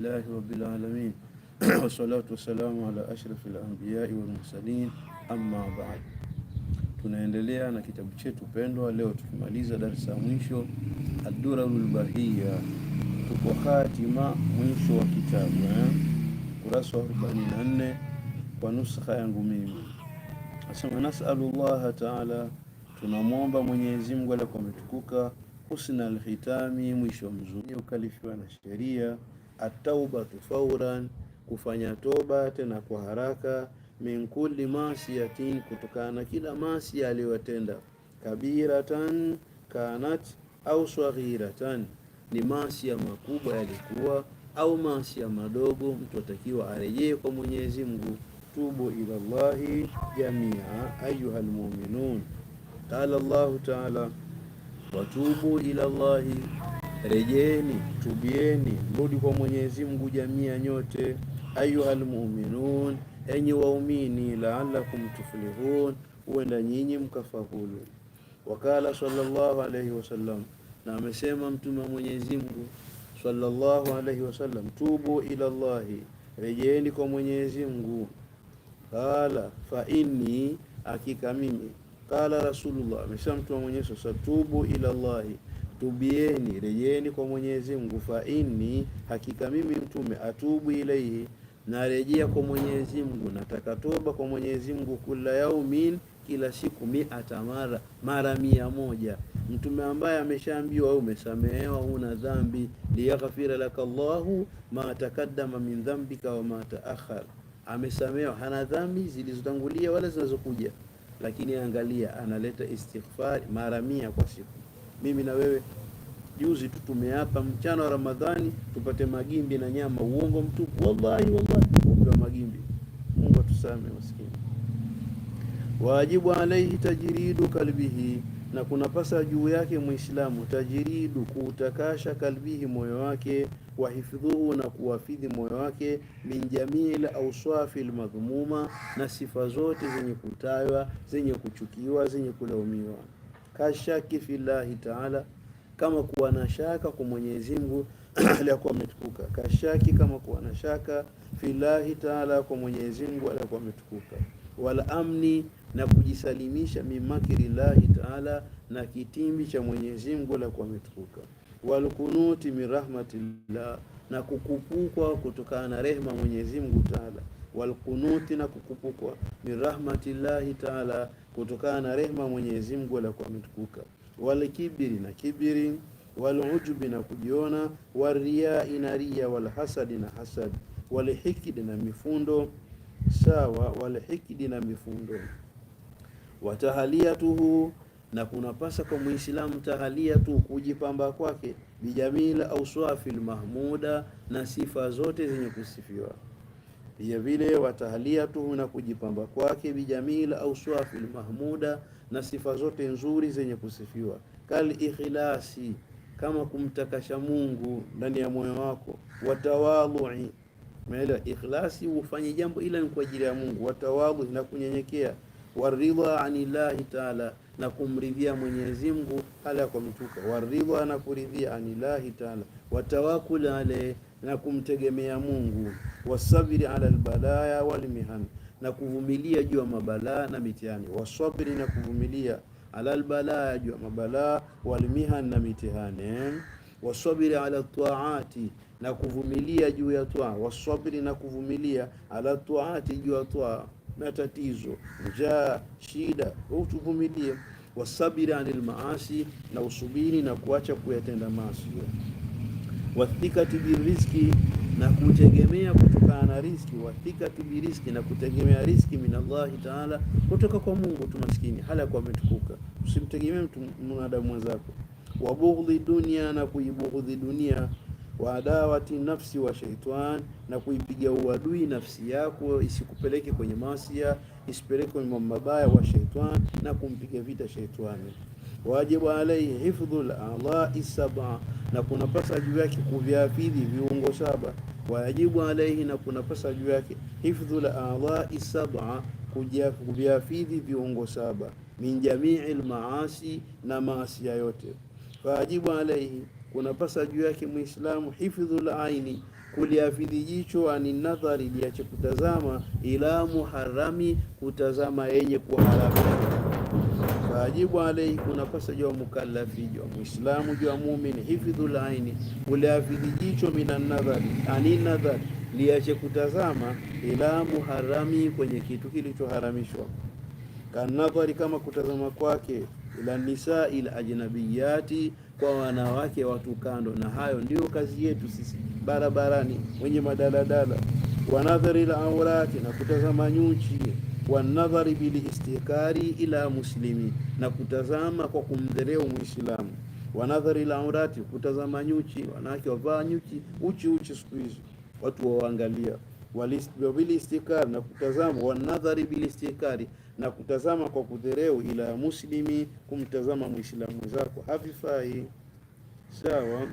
لله رب العالمين والصلاة والسلام على ashraf al-anbiya wal mursalin Tunaendelea na kitabu chetu pendwa. Leo tukimaliza darasa ya mwisho ad-durarul bahia, tuko hatima mwisho wa kitabu eh, kurasa wa 44 kwa nuskha yangu mimi. Asema nasalu Allah ta'ala, tunamwomba Mwenyezi Mungu aliyetukuka, husnal hitami, mwisho mzuri ukalifiwa na sheria ataubatu fauran, kufanya toba tena kwa haraka. Min kulli masiyatin, kutokana na kila masi aliyotenda. Kabiratan kanat au saghiratan, ni masi ya makubwa yalikuwa au masi ya madogo, mtu atakiwa arejee kwa Mwenyezi Mungu. Tubu ila llahi jamia ayuha almu'minun, Qala llahu taala watubu ila llahi Rejeeni, tubieni, mrudi kwa Mwenyezi Mungu jamia nyote. Ayuha almuminun, enyi waumini. Laalakum tuflihun, huenda nyinyi mkafahulu Wakala sallallahu alayhi wasallam, na amesema mtume wa Mwenyezi Mungu sallallahu alayhi wasallam, tubu ila Allahi, rejeeni kwa Mwenyezi Mungu. Kala fa inni, hakika mimi. Kala rasulullah, amesema mtume wa Mwenyezi Mungu, tubu ila Allahi tubieni, rejeeni kwa Mwenyezi Mungu. Fa inni, hakika mimi mtume, atubu ilaihi, narejea kwa Mwenyezi Mungu, nataka toba kwa Mwenyezi Mungu, kula yaumin, kila siku, miata mara, mara mia moja. Mtume ambaye ameshaambiwa umesamehewa, huna dhambi, liyaghfira lakallahu ma takaddama min dhambika wa ma taakhar, amesamehewa, hana dhambi zilizotangulia wala zinazokuja. Lakini angalia, analeta istighfar mara mia kwa siku mimi na wewe juzi tu tumeapa mchana wa Ramadhani tupate magimbi na nyama. Uongo mtupu, wallahi wallahi, upewa magimbi. Mungu atusame maskini. Wajibu alaihi tajridu kalbihi, na kunapasa juu yake Muislamu tajridu kuutakasha kalbihi, moyo wake, wahifdhuhu na kuwafidhi moyo wake, min au auswafi lmadhumuma, na sifa zote zenye kutaywa zenye kuchukiwa, zenye kulaumiwa kashaki fillahi taala, kama kuwa na shaka kwa Mwenyezi Mungu aliyakuwa ametukuka. Kashaki, kama kuwa na shaka fillahi taala, kwa Mwenyezi Mungu aliyakuwa ametukuka. Wala amni, na kujisalimisha mimakirillahi taala, na kitimbi cha Mwenyezi Mungu aliyakuwa ametukuka. Walkunuti mirahmatillah, na kukupukwa kutokana na rehema Mwenyezi Mungu taala walqunuti, na kukupukwa min llahi taala, kutokana na rehma Mwenyezi Mungu alikuwa ametukuka, walkibiri, na kibiri, walujubi, na kujiona, wariai, na ria, walhasadi, na hasad, walhikidi, na mifundo sawa, walhikidi, na mifundo watahaliatuhu na kunapasa kwa Muislamu tahalia tu kujipamba kwake bijamila au swafil mahmuda, na sifa zote zenye kusifiwa vile vile watahaliatuhu na kujipamba kwake bijamil auswafi mahmuda na sifa zote nzuri zenye kusifiwa. Kal ikhlasi, kama kumtakasha Mungu ndani ya moyo wako. Watawadhui, maana Ikhlasi ufanye jambo ila ni kwa ajili ya Mungu. Watawadhu, na kunyenyekea. Waridha anillahi taala, na kumridhia Mwenyezi Mungu hala kwa mtuka. Waridha, na kuridhia anillahi taala. watawakkul alayhi na kumtegemea Mungu, wasabiri ala albalaya walmihani, na kuvumilia juu ya mabalaa na mitihani. Wasabiri, na kuvumilia ala albalaya, juu ya mabalaa walmihani, na mitihani. Wasabiri ala taati, na kuvumilia juu ya twaa. Wasabiri, na kuvumilia ala taati, juu ya twaa, matatizo, njaa, shida, utuvumilie. Wasabiri anil maasi, na usubiri na kuacha kuyatenda maasi wathikati birizki na kutegemea kutokana na wa wathikati birizki na kutegemea riziki minallahi taala, kutoka kwa Mungu tu. Maskini hala kwa ametukuka, usimtegemee mtu mwanadamu mwenzako. bughdhi dunia na kuibughdhi dunia, adawati nafsi wa shaitani na kuipiga uadui nafsi yako isikupeleke kwenye masia isipeleke kwenye mabaya wa shaitani na kumpiga vita shaitani wajibu alaihi hifdhu al sab'a, na kunapasa juu yake kuvihafidhi viungo saba. Wajibu alaihi, na pasa juu yake hifdhu al sab'a, kuvihafidhi viungo saba min jami'i lmaasi na maasi yote. Wajibu alaihi, kunapasa juu yake muislamu hifdhu al kuliafidhi jicho, ani nadhari, liache kutazama ila muharami, kutazama yenye kuharamu Wajibu alaihi, kunapasa jua mukalafi, jua muislamu, jua muumini, hifidhul aini, uliafidhi jicho, minanadhari ani liache kutazama, ila muharami, kwenye kitu kilichoharamishwa, kanadhari, kama kutazama kwake, ila nisaa ila ajnabiyati, kwa wanawake watu kando. Na hayo ndio kazi yetu sisi barabarani, wenye madaladala, wanadhari la aurati, na kutazama nyuchi wanadhari bilistikari ila muslimi, na kutazama kwa kumdhereu Muislamu. Wanadhari la aurati, kutazama nyuchi. Wanawake wavaa nyuchi uchi uchi siku hizi, watu waangalia wabilistikari na kutazama, wanadhari bilistikari na kutazama kwa kudhereu, ila muslimi, kumtazama muislamu zako havifai. Sawa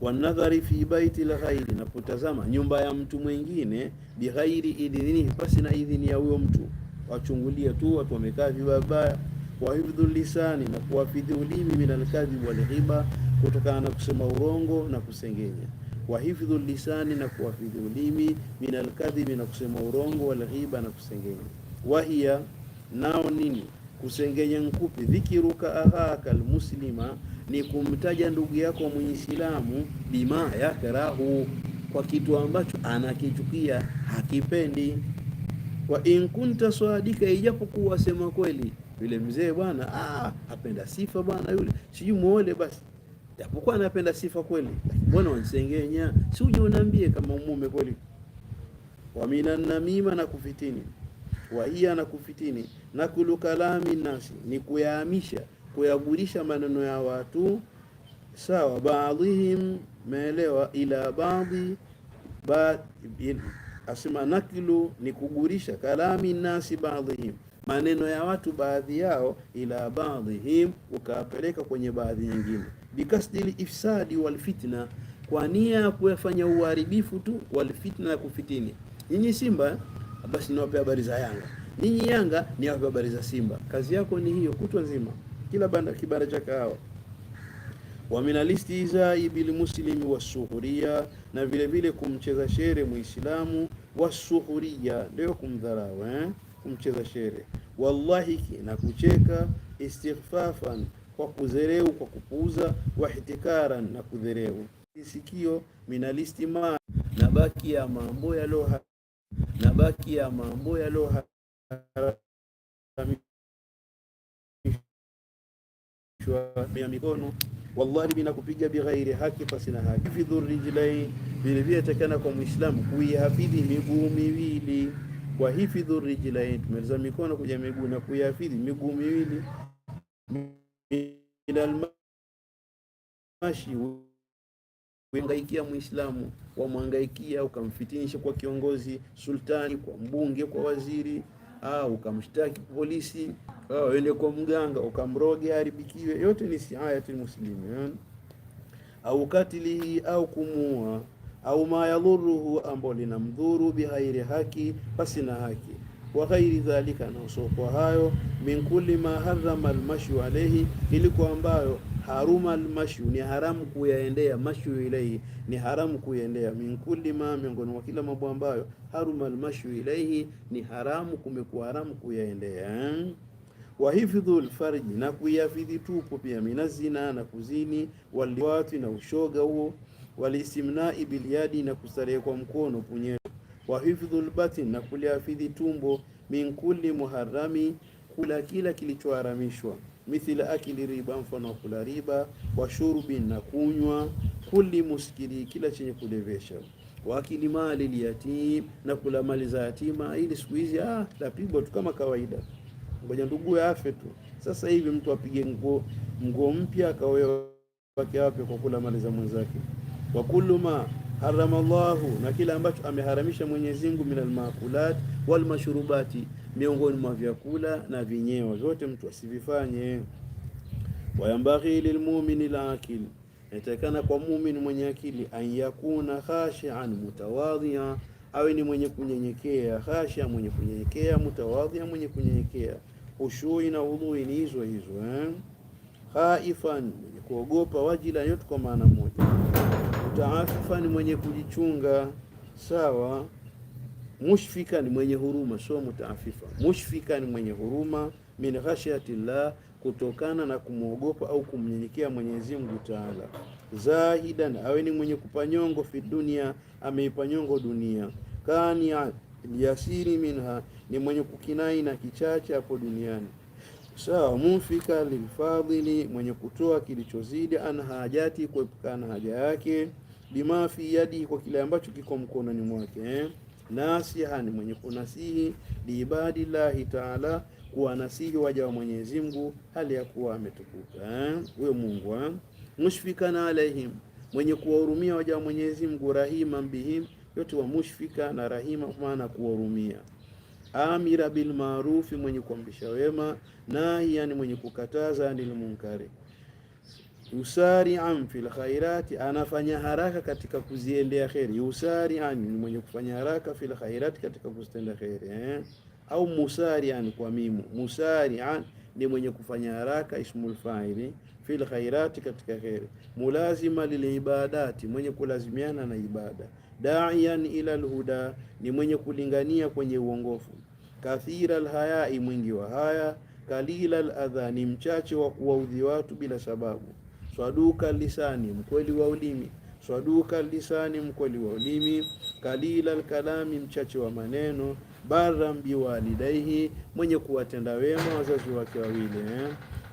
wanadhari fi baiti ghairi, na kutazama nyumba ya mtu mwingine, bighairi idhinihi, pasi na idhini ya huyo mtu. Wachungulia tu watu wamekaa vibaya. kwa hifdhu lisani, na kuwafidhi ulimi, min alkadhib walghiba, kutokana na kusema urongo na kusengenya. kwa hifdhu lisani, na kuwafidhi ulimi, min alkadhibi, na kusema urongo, walghiba, na kusengenya. Wahiya nao nini kusengenya nkupi dhikiruka ahaka almuslima, ni kumtaja ndugu yako muislamu, bima yakrahu, kwa kitu ambacho anakichukia hakipendi. Wa in kunta swadika, ijapokuwa sema kweli yule mzee bwana, ah, apenda sifa bwana yule, sijui muole basi, japokuwa anapenda sifa kweli, mbona wansengenya? Si uje unaambie kama mume kweli. Wa minan namima, na kufitini wa iya na kufitini na kulu kalami nasi, ni kuyahamisha kuyagulisha maneno ya watu sawa, baadhihim meelewa, ila baadhi ba, asema nakilu ni kugurisha kalami nasi baadhihim maneno ya watu baadhi yao, ila baadhihim ukawapeleka kwenye baadhi nyingine, bikasdil ifsadi wal fitna, kwa nia ya kuyafanya uharibifu tu, wal fitna ya kufitini. Nyinyi Simba basi niwape habari za Yanga. Ninyi Yanga ni wape habari za Simba. Kazi yako ni hiyo kutwa nzima, kila banda kibara cha kahawa wa muslimi wa suhuria, na vile vile kumcheza shere Muislamu. suhuria, ndio kumdharau eh? kumcheza shere wallahi, na kucheka istighfafan, kwa kudhereu, kwa kupuuza, wahtikaran, na kudhereu isikio ma na baki ya mambo yaloha na baki ya mambo yaliyoharamishwa ya mikono wallahi bina kupiga bighairi haki na haki hifidhurijlai vilevile takana kwa muislamu kuihafidhi miguu miwili kwa rijlai, tumeleza mikono kuja miguu na kuihafidhi miguu miwili minalmashi kuhangaikia Muislamu, wamhangaikia, ukamfitinisha kwa kiongozi sultani, kwa mbunge, kwa waziri au ukamshtaki polisi, uende kwa mganga ukamroge haribikiwe, yote ni siayatul muslimin eh? au katilihi au kumua au ma yadhuruhu, ambao linamdhuru bighairi haki, basi na haki, wa ghairi dhalika, na usokwa hayo, min kulli ma hadhama almashu alayhi, ili kwa ambayo haruma almashyu, ni haramu kuyaendea. Mashyu ilaihi ni haramu kuyaendea. Min kulli ma, miongoni mwa kila mambo ambayo haruma almashyu ilaihi ni haramu, kumekuwa haramu kuyaendea. Wa hifdhu alfarji, na kuyafidhi tupo pia, minazina na kuzini, waliwati na ushoga huo, walisimnai bilyadi, na kusalia kwa mkono punyeto, wa hifdhu albatin, na kulihafidhi tumbo, min kulli muharrami, kula kila kilichoharamishwa mithila akili riba, mfano wa kula riba, wa shurbi, na kunywa, kulli muskiri, kila chenye kulevesha, wa akili mali liyatim, na kula mali za yatima. Ili siku hizi ah, lapigwa tu kama kawaida, ngoja ndugu afe tu. Sasa hivi mtu apige nguo nguo mpya akawewa wake wapi kwa kula mali za mwenzake. Wa kullu ma harama Allahu, na kila ambacho ameharamisha Mwenyezi Mungu, minal makulat wal mashrubati miongoni mwa vyakula na vinyeo, zote mtu asivifanye. Wayambaghi lilmumini lakil, inatakana kwa mumini mwenye akili, anyakuna khashian mutawadhia, awe ni mwenye kunyenyekea. Khashia, mwenye kunyenyekea, mutawadhia, mwenye kunyenyekea. Khushui na udhui ni hizo hizo eh? Khaifan, mwenye kuogopa, wajila, yote kwa maana moja. Mutaafifan, mwenye kujichunga, sawa Mushfika ni mwenye huruma, sio mutaafifa. Mushfika ni mwenye huruma, min khashyati llah, kutokana na kumwogopa au kumnyenyekea Mwenyezi Mungu Taala. Zahidan, awe ni mwenye kupanyongo, fi dunia, ameipanyongo dunia. Kani liasiri minha, ni mwenye kukinai na kichache hapo duniani. Sawa. Mufika lilfadhili, mwenye kutoa kilichozidi, an hajati, kuepukana haja yake, bima fi yadi, kwa kile ambacho kiko mkononi mwake eh? nasihan, mwenye kunasihi liibadillahi taala, kuwanasihi waja wa Mwenyezi Mungu hali ya kuwa ametukuka eh? huyo Mungu. Eh? Mushfikana alaihim, mwenye kuwahurumia waja wa Mwenyezi Mungu. Rahima bihim, yote wa mushfika na rahima, maana kuwahurumia. Amira bil maarufi, mwenye kuamrisha wema. Nahiyan, mwenye kukataza anil munkari yusari'an fil khairati, anafanya haraka katika kuziendea kheri. Yusari'an ni mwenye kufanya haraka, fil khairati, katika kuzitenda kheri eh? au musari'an kwa mimu. Musari'an ni mwenye kufanya haraka, ismul fa'ili, fil khairati, katika kheri. Mulazima lil ibadati, mwenye kulazimiana na ibada. Da'iyan ila alhuda, ni mwenye kulingania kwenye uongofu. Kathira alhayai, mwingi wa haya. Kalila aladha, ni mchache wa kuwaudhi watu bila sababu swaduka lisani, mkweli wa ulimi swaduka lisani, mkweli wa ulimi kalila lkalami, mchache wa maneno bara biwalidaihi, mwenye kuwatenda wema wazazi wake wawili eh?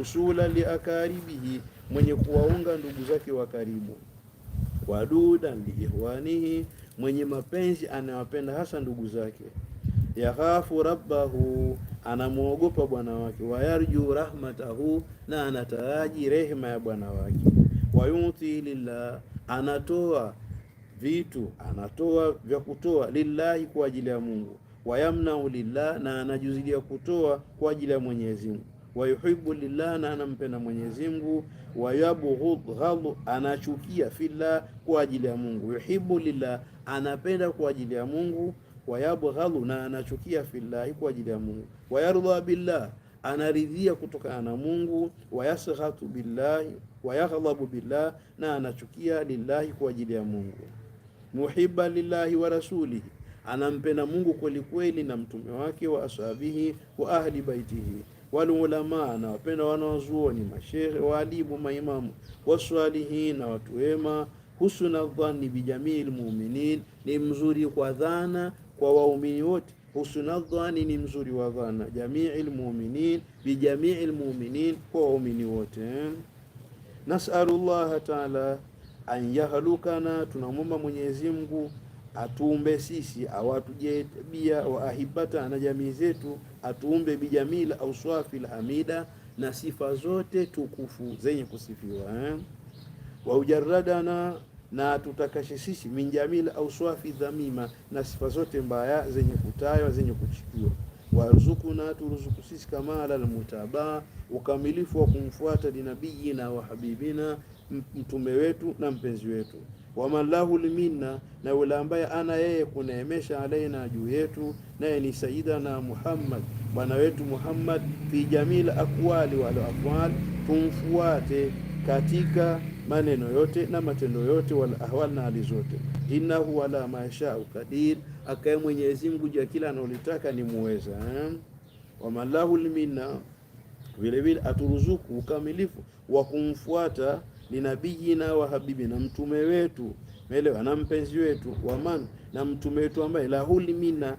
usula liakaribihi, mwenye kuwaunga ndugu zake wa karibu wadudan liihwanihi, mwenye mapenzi anawapenda hasa ndugu zake yakhafu rabbahu, anamwogopa bwana wake, wayarjuu rahmatahu, na anataraji rehema ya bwana wake, wayuti lillah, anatoa vitu, anatoa vya kutoa, lillahi, kwa ajili ya Mungu, wayamnau lillah, na anajuzilia kutoa kwa ajili ya Mwenyezi Mungu wayuhibbu lillah na anampenda Mwenyezi Mungu, wayabghadhu anachukia fillah, kwa ajili ya Mungu. Yuhibbu lillah, anapenda kwa ajili ya Mungu wayabghalu, na anachukia fillahi, kwa ajili ya Mungu, wayardha billah, anaridhia kutokana na Mungu, wayasghatu billahi, wayaghlabu billah, na anachukia lillahi, kwa ajili ya Mungu, muhibba lillahi wa rasulihi, anampenda Mungu kweli kweli na mtume wake, wa ashabihi wa ahli baitihi walulama na wapenda wazuoni mashehe waalimu maimamu waswalihin na watu wema. Husna dhani bijamii lmuminin, ni mzuri kwa dhana kwa waumini wote. Husna ni mzuri wa dhana, jamii lmuminin bi lmuminin kwa waumini wote. Nasalu llaha taala an yahlukana, tunamwomba Mwenyezi Mungu atuumbe sisi au waahibata wa ahibata na jamii zetu, atuumbe bijamii auswafil hamida, na sifa zote tukufu zenye kusifiwa eh? wa na sisi minjamil au swafi dhamima, na sifa zote mbaya zenye kutaywa zenye kuchukiwa. na turuzuku sisi kamala mutaba ukamilifu wa kumfuata linabiyina wa habibina, mtume wetu na mpenzi wetu malahu limina na yule ambaye ana yeye kuneemesha alaina juu yetu, naye ni na Muhammad, bwana wetu Muhammad, fi jamil akwali wal afwal, tumfuate katika maneno yote na matendo yote, wal ahwal, na hali zote. Innahu ala ma yashau qadir, akaye Mwenyezi Mungu juu ya kila anaolitaka ni muweza eh? malahu lminna, vile vile aturuzuku ukamilifu wa kumfuata ni nabiyina wa habibi, na mtume wetu melewa na mpenzi wetu waman, na mtume wetu ambaye lahulmina,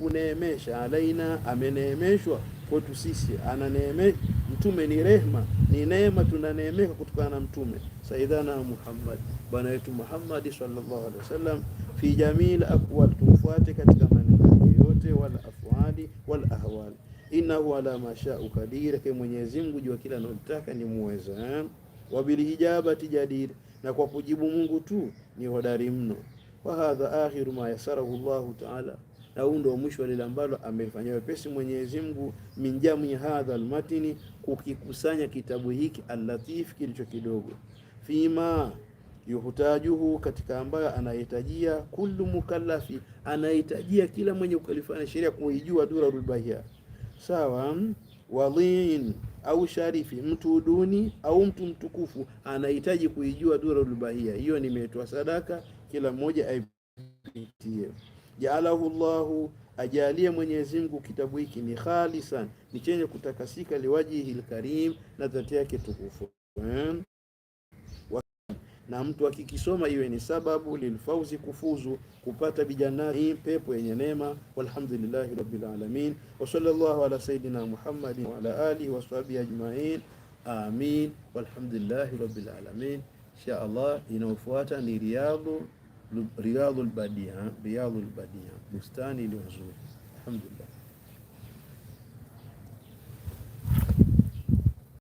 kuneemesha alaina, ameneemeshwa kwetu sisi, ananeeme mtume ni rehma, ni neema, tunaneemeka kutokana na mtume saidana Muhammad, bwana wetu Muhammad sallallahu alaihi wasallam, fi jamil aqwal, tumfuate katika maneno yote, wala afwali wala ahwal, innahu ala masha qadir ke Mwenyezi Mungu jua kila anayotaka ni muweza, eh? wa bil hijabati jadir, na kwa kujibu Mungu tu ni hodari mno. Wa hadha akhiru ma yasarahu Allah ta'ala na huu ndio mwisho wa lile ambalo amefanyia wepesi Mwenyezi Mungu minjamu ya hadha almatini, kukikusanya kitabu hiki allatif, kilicho kidogo, fima yuhtajuhu, katika ambayo anahitajia kullu mukallafi, anahitajia kila mwenye ukalifana sheria kuijua dura rubahia sawa wadhin au sharifi, mtu duni au mtu mtukufu, anahitaji kuijua dura rubahia Hiyo nimetoa sadaka, kila mmoja aipitie jaalahu llahu ajalie Mwenyezi Mungu kitabu hiki ni khalisan, ni chenye kutakasika, liwajihi lkarim, na dhati yake tukufu Na mtu akikisoma iwe ni sababu lilfauzi, kufuzu kupata bijanati, pepo yenye neema. Walhamdulillahi rabbil alamin wa sallallahu ala sayidina Muhammad wa ala alihi wa sahbihi ajmain, amin. Walhamdulillahi rabbil alamin. Insha Allah inayofuata ni riyadu رياض البديع رياض البديع بستاني لعزوز الحمد لله